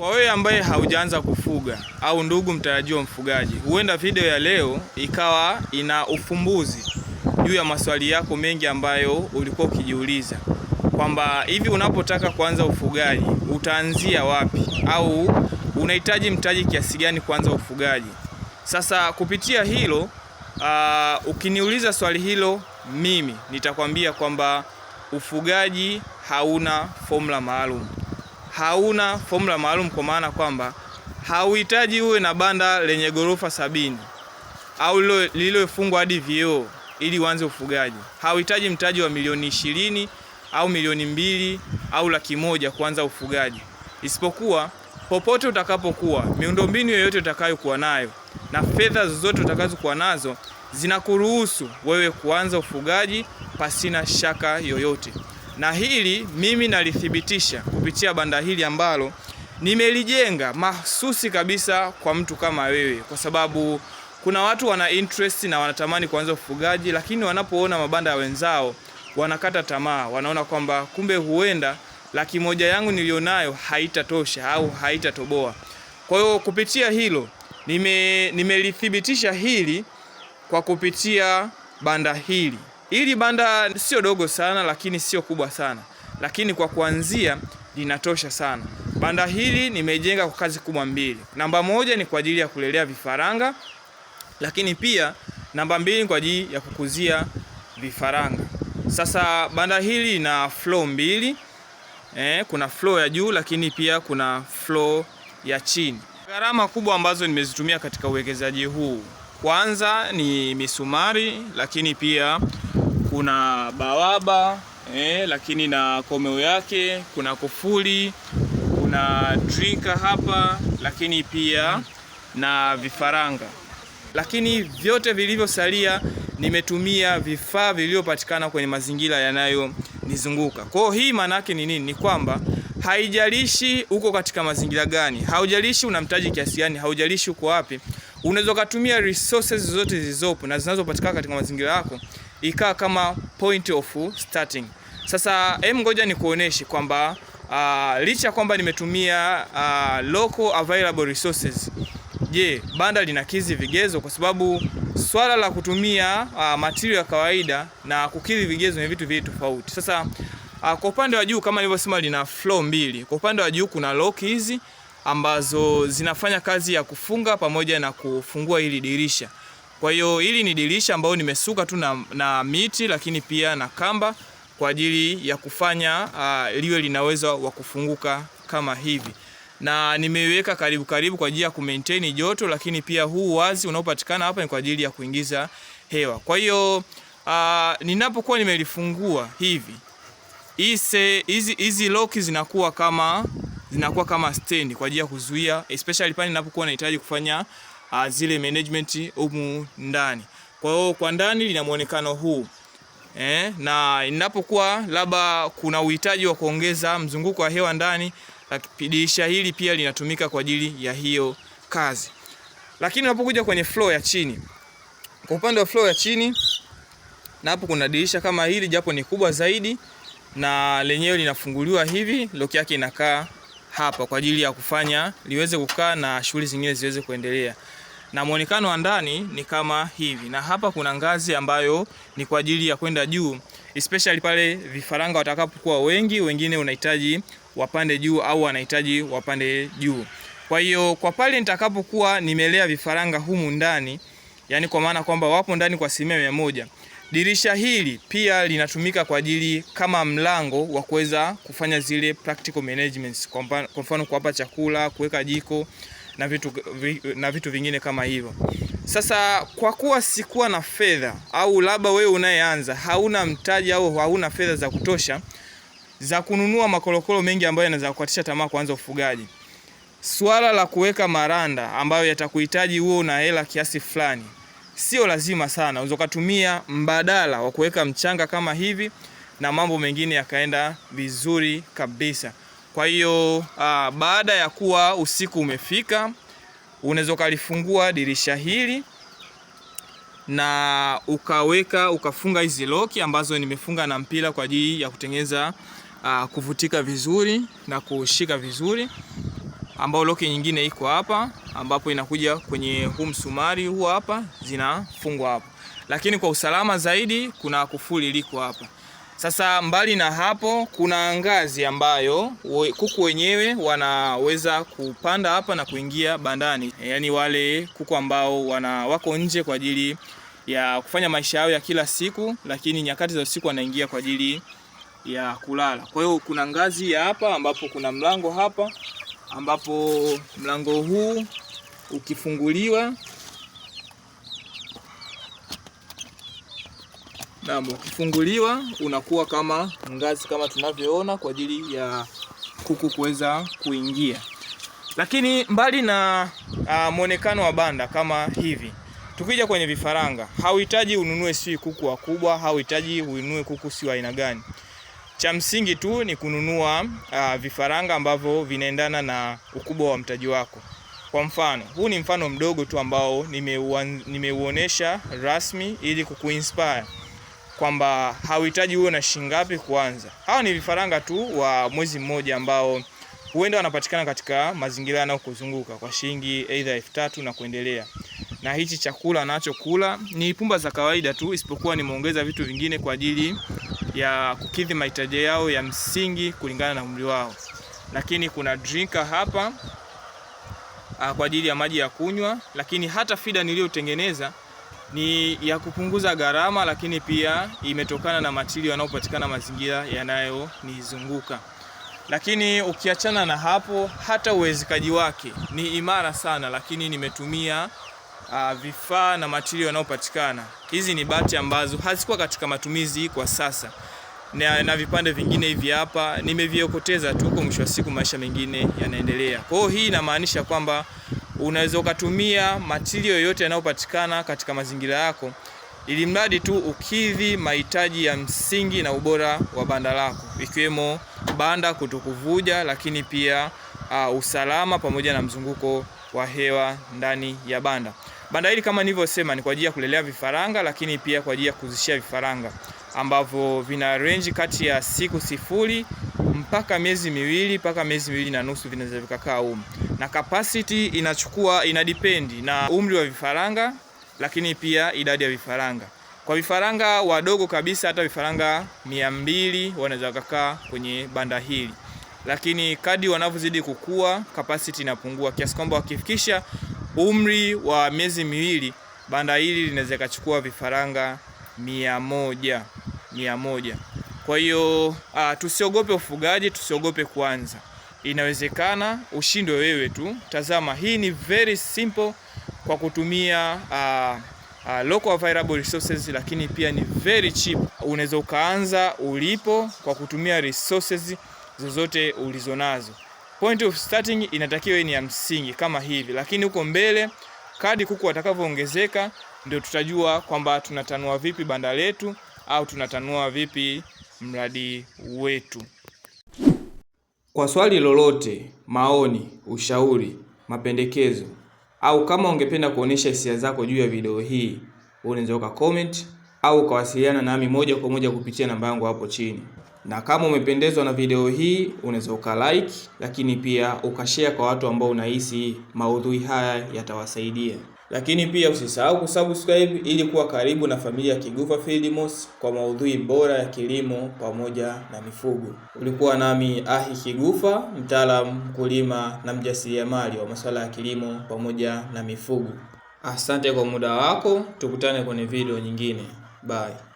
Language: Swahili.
Kwa wewe ambaye haujaanza kufuga au ndugu mtarajiwa mfugaji, huenda video ya leo ikawa ina ufumbuzi juu ya maswali yako mengi ambayo ulikuwa ukijiuliza kwamba hivi unapotaka kuanza ufugaji utaanzia wapi au unahitaji mtaji kiasi gani kuanza ufugaji. Sasa kupitia hilo uh, ukiniuliza swali hilo mimi nitakwambia kwamba ufugaji hauna formula maalum hauna fomula maalum, kwa maana kwamba hauhitaji uwe na banda lenye ghorofa sabini au lililofungwa hadi vioo ili uanze ufugaji. Hauhitaji mtaji wa milioni ishirini au milioni mbili au laki moja kuanza ufugaji, isipokuwa popote utakapokuwa, miundombinu yoyote utakayokuwa nayo na fedha zozote utakazokuwa nazo zinakuruhusu wewe kuanza ufugaji pasina shaka yoyote na hili mimi nalithibitisha kupitia banda hili ambalo nimelijenga mahsusi kabisa kwa mtu kama wewe, kwa sababu kuna watu wana interest na wanatamani kuanza ufugaji, lakini wanapoona mabanda ya wenzao wanakata tamaa, wanaona kwamba kumbe huenda laki moja yangu nilionayo haitatosha au haitatoboa. Kwa hiyo kupitia hilo nime nimelithibitisha hili kwa kupitia banda hili. Hili banda sio dogo sana, lakini sio kubwa sana, lakini kwa kuanzia linatosha sana. Banda hili nimejenga kwa kazi kubwa mbili. Namba moja ni kwa ajili ya kulelea vifaranga, lakini pia namba mbili kwa ajili ya kukuzia vifaranga. Sasa banda hili lina flow mbili eh, kuna flow ya juu lakini pia kuna flow ya chini. Gharama kubwa ambazo nimezitumia katika uwekezaji huu, kwanza ni misumari, lakini pia kuna bawaba eh, lakini na komeo yake, kuna kufuli, kuna trika hapa, lakini pia na vifaranga. Lakini vyote vilivyosalia nimetumia vifaa vilivyopatikana kwenye mazingira yanayonizunguka. Kwa hiyo hii maana yake ni nini? Ni kwamba haijalishi uko katika mazingira gani, haujalishi una mtaji kiasi gani, haujalishi uko wapi, unaweza ukatumia resources zote zilizopo na zinazopatikana katika mazingira yako ikawa kama point of starting. Sasa em, ngoja nikuoneshe kwamba uh, licha kwamba nimetumia uh, local available resources, je, banda linakidhi vigezo? Kwa sababu swala la kutumia uh, material ya kawaida na kukidhi vigezo ni vitu viwili tofauti. Sasa uh, kwa upande wa juu kama nilivyosema, lina flow mbili. Kwa upande wa juu kuna lock hizi ambazo zinafanya kazi ya kufunga pamoja na kufungua hili dirisha kwa hiyo hili ni dirisha ambayo nimesuka tu na, na miti lakini pia na kamba kwa ajili ya kufanya uh, liwe linaweza wa kufunguka kama hivi, na nimeiweka karibu karibu kwa ajili ya kumaintain joto, lakini pia huu wazi unaopatikana hapa ni kwa ajili ya kuingiza hewa. Kwa hiyo uh, ninapokuwa nimelifungua hivi, hizi hizi loki zinakuwa kama zinakuwa kama stand kwa ajili ya kuzuia, especially pale ninapokuwa nahitaji kufanya zile management humu ndani. Kwa hiyo kwa ndani lina muonekano huu eh, na inapokuwa labda kuna uhitaji wa kuongeza mzunguko wa hewa ndani, dirisha hili pia linatumika kwa ajili ya hiyo kazi. Lakini unapokuja kwenye floor ya chini, kwa upande wa floor ya chini, na hapo kuna dirisha kama hili, japo ni kubwa zaidi, na lenyewe linafunguliwa hivi, lock yake inakaa hapa kwa ajili ya kufanya liweze kukaa na shughuli zingine ziweze kuendelea na mwonekano wa ndani ni kama hivi, na hapa kuna ngazi ambayo ni kwa ajili ya kwenda juu, especially pale vifaranga watakapokuwa wengi, wengine unahitaji wapande juu au wanahitaji wapande juu. Kwa hiyo kwa pale nitakapokuwa nimelea vifaranga humu ndani, yani kwa maana kwamba wapo ndani kwa asilimia mia moja. Dirisha hili pia linatumika kwa ajili kama mlango wa kuweza kufanya zile practical managements, kwa mfano kuwapa chakula, kuweka jiko na vitu, na vitu vingine kama hivyo. Sasa kwa kuwa sikuwa na fedha au labda wewe unayeanza hauna mtaji au hauna fedha za kutosha za kununua makorokoro mengi ambayo yanaweza kukatisha tamaa kuanza ufugaji, swala la kuweka maranda ambayo yatakuhitaji huo una hela kiasi fulani sio lazima sana. Unaweza kutumia mbadala wa kuweka mchanga kama hivi na mambo mengine yakaenda vizuri kabisa. Kwa hiyo ah, baada ya kuwa usiku umefika, unaweza ukalifungua dirisha hili na ukaweka ukafunga hizi loki ambazo nimefunga na mpira kwa ajili ya kutengeneza uh, ah, kuvutika vizuri na kushika vizuri, ambao loki nyingine iko hapa, ambapo inakuja kwenye huu msumari huu hapa, zinafungwa hapa, lakini kwa usalama zaidi kuna kufuli liko hapa. Sasa mbali na hapo, kuna ngazi ambayo kuku wenyewe wanaweza kupanda hapa na kuingia bandani, yaani wale kuku ambao wana wako nje kwa ajili ya kufanya maisha yao ya kila siku, lakini nyakati za usiku wanaingia kwa ajili ya kulala. Kwa hiyo kuna ngazi ya hapa ambapo kuna mlango hapa ambapo mlango huu ukifunguliwa Naam, ukifunguliwa unakuwa kama ngazi kama tunavyoona kwa ajili ya kuku kuweza kuingia. Lakini mbali na uh, mwonekano wa banda kama hivi, tukija kwenye vifaranga, hauhitaji ununue si kuku wakubwa, hauhitaji uinue kuku si wa aina gani. Cha msingi tu ni kununua uh, vifaranga ambavyo vinaendana na ukubwa wa mtaji wako. Kwa mfano huu ni mfano mdogo tu ambao nimeuonesha rasmi ili kukuinspire kwamba hauhitaji uwe na shilingi ngapi kuanza. Hawa ni vifaranga tu wa mwezi mmoja ambao huenda wanapatikana katika mazingira yanayokuzunguka kwa shilingi aidha elfu tatu na kuendelea, na hichi chakula anachokula ni pumba za kawaida tu, isipokuwa nimeongeza vitu vingine kwa ajili ya kukidhi mahitaji yao ya msingi kulingana na umri wao. Lakini kuna drinker hapa ah, kwa ajili ya maji ya kunywa, lakini hata fida niliyotengeneza ni ya kupunguza gharama, lakini pia imetokana na matilio yanayopatikana mazingira yanayonizunguka. Lakini ukiachana na hapo, hata uwezekaji wake ni imara sana, lakini nimetumia uh, vifaa na matilio yanayopatikana. Hizi ni bati ambazo hazikuwa katika matumizi kwa sasa na, na vipande vingine hivi hapa nimeviokoteza tu. Kwa mwisho wa siku, maisha mengine yanaendelea. Kwa hiyo hii inamaanisha kwamba unaweza ukatumia matirio yoyote yanayopatikana katika mazingira yako, ili mradi tu ukidhi mahitaji ya msingi na ubora wa banda lako, ikiwemo banda kutokuvuja, lakini pia uh, usalama pamoja na mzunguko wa hewa ndani ya banda. Banda hili kama nilivyosema, ni kwa ajili ya kulelea vifaranga, lakini pia kwa ajili ya kuzishia vifaranga ambavyo vina range kati ya siku sifuri mpaka miezi miwili mpaka miezi miwili na nusu vinaweza vikakaa humu, na capacity inachukua inadependi na umri wa vifaranga, lakini pia idadi ya vifaranga. Kwa vifaranga wadogo kabisa, hata vifaranga mia mbili wanaweza kukaa kwenye banda hili, lakini kadi wanavyozidi kukua capacity inapungua kiasi kwamba wakifikisha umri wa miezi miwili, banda hili linaweza ikachukua vifaranga mia moja mia moja. Kwa hiyo ah, tusiogope ufugaji, tusiogope kuanza, inawezekana ushindwe wewe tu. Tazama, hii ni very simple kwa kutumia a, ah, a, ah, local available resources, lakini pia ni very cheap. Unaweza ukaanza ulipo kwa kutumia resources zozote ulizonazo. Point of starting inatakiwa ni ya msingi kama hivi, lakini huko mbele kadi kuku watakavyoongezeka ndio tutajua kwamba tunatanua vipi banda letu au tunatanua vipi mradi wetu. Kwa swali lolote, maoni, ushauri, mapendekezo au kama ungependa kuonesha hisia zako juu ya video hii, unaweza uka comment au ukawasiliana nami moja kwa moja kupitia namba yangu hapo chini. Na kama umependezwa na video hii, unaweza uka like, lakini pia ukashare kwa watu ambao unahisi maudhui haya yatawasaidia. Lakini pia usisahau kusubscribe ili kuwa karibu na familia ya Kigufa Films kwa maudhui bora ya kilimo pamoja na mifugo. Ulikuwa nami Ahi Kigufa, mtaalamu mkulima na mjasiriamali wa masuala ya kilimo pamoja na mifugo. Asante kwa muda wako, tukutane kwenye video nyingine. Bye.